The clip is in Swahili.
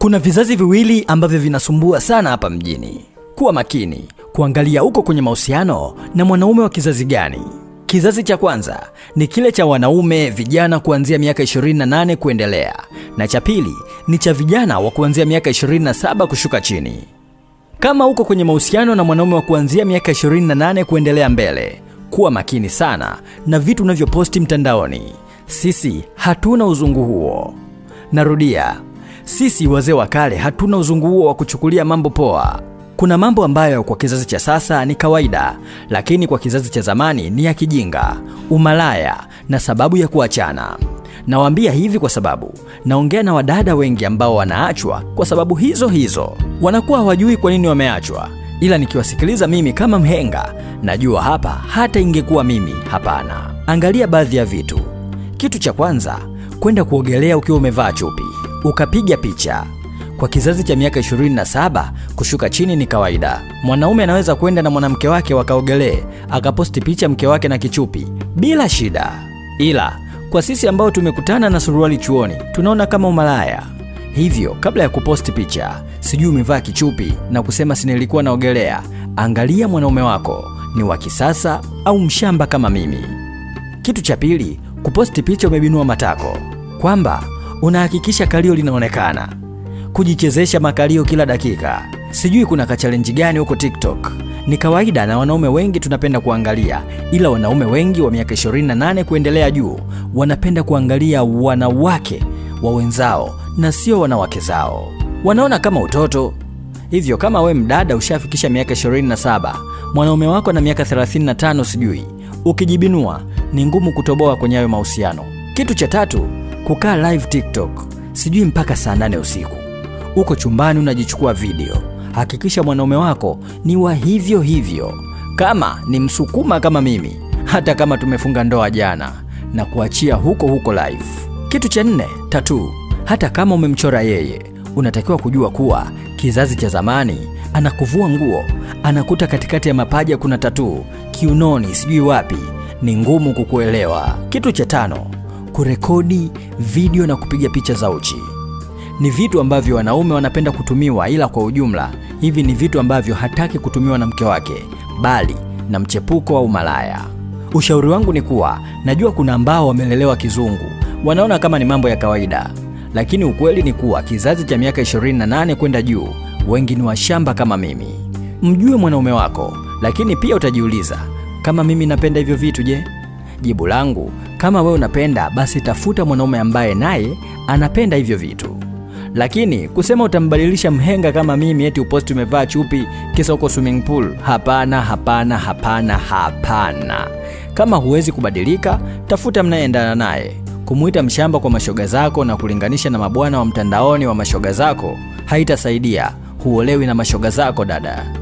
Kuna vizazi viwili ambavyo vinasumbua sana hapa mjini. Kuwa makini kuangalia uko kwenye mahusiano na mwanaume wa kizazi gani. Kizazi cha kwanza ni kile cha wanaume vijana kuanzia miaka 28 kuendelea, na cha pili ni cha vijana wa kuanzia miaka 27 kushuka chini. Kama uko kwenye mahusiano na mwanaume wa kuanzia miaka 28 kuendelea mbele, kuwa makini sana na vitu unavyoposti mtandaoni. Sisi hatuna uzungu huo. Narudia, sisi wazee wa kale hatuna uzunguo wa kuchukulia mambo poa. Kuna mambo ambayo kwa kizazi cha sasa ni kawaida, lakini kwa kizazi cha zamani ni ya kijinga, umalaya na sababu ya kuachana. Nawaambia hivi kwa sababu naongea na wadada wengi ambao wanaachwa kwa sababu hizo hizo. Wanakuwa hawajui kwa nini wameachwa, ila nikiwasikiliza mimi kama mhenga najua hapa, hata ingekuwa mimi hapana. Angalia baadhi ya vitu. Kitu cha kwanza, kwenda kuogelea ukiwa umevaa chupi ukapiga picha. Kwa kizazi cha miaka 27 kushuka chini ni kawaida. Mwanaume anaweza kwenda na mwanamke wake wakaogelee, akaposti picha mke wake na kichupi bila shida, ila kwa sisi ambao tumekutana na suruali chuoni tunaona kama umalaya. Hivyo kabla ya kuposti picha, sijui umevaa kichupi na kusema si nilikuwa naogelea, angalia mwanaume wako ni wa kisasa au mshamba kama mimi. Kitu cha pili, kuposti picha umebinua matako kwamba unahakikisha kalio linaonekana, kujichezesha makalio kila dakika. Sijui kuna kachalenji gani huko TikTok. Ni kawaida na wanaume wengi tunapenda kuangalia, ila wanaume wengi wa miaka 28 kuendelea juu wanapenda kuangalia wanawake wa wenzao na sio wanawake zao, wanaona kama utoto. Hivyo kama we mdada ushafikisha miaka 27, mwanaume wako na miaka 35, sijui ukijibinua ni ngumu kutoboa kwenye hayo mahusiano. Kitu cha tatu kukaa live TikTok sijui mpaka saa nane usiku, uko chumbani unajichukua video. Hakikisha mwanaume wako ni wa hivyo hivyo, kama ni Msukuma kama mimi, hata kama tumefunga ndoa jana, na kuachia huko huko live. Kitu cha nne, tatu, hata kama umemchora yeye, unatakiwa kujua kuwa kizazi cha zamani anakuvua nguo, anakuta katikati ya mapaja kuna tatuu, kiunoni, sijui wapi, ni ngumu kukuelewa. Kitu cha tano kurekodi video na kupiga picha za uchi ni vitu ambavyo wanaume wanapenda kutumiwa, ila kwa ujumla hivi ni vitu ambavyo hataki kutumiwa na mke wake, bali na mchepuko au malaya. Ushauri wangu ni kuwa, najua kuna ambao wamelelewa kizungu, wanaona kama ni mambo ya kawaida, lakini ukweli ni kuwa kizazi cha miaka 28 kwenda juu, wengi ni washamba kama mimi. Mjue mwanaume wako, lakini pia utajiuliza, kama mimi napenda hivyo vitu, je, Jibu langu, kama wewe unapenda basi tafuta mwanaume ambaye naye anapenda hivyo vitu. Lakini kusema utambadilisha mhenga kama mimi, eti uposti umevaa chupi kisa huko swimming pool, hapana, hapana, hapana, hapana. Kama huwezi kubadilika, tafuta mnayeendana naye. Kumuita mshamba kwa mashoga zako na kulinganisha na mabwana wa mtandaoni wa mashoga zako haitasaidia. Huolewi na mashoga zako, dada.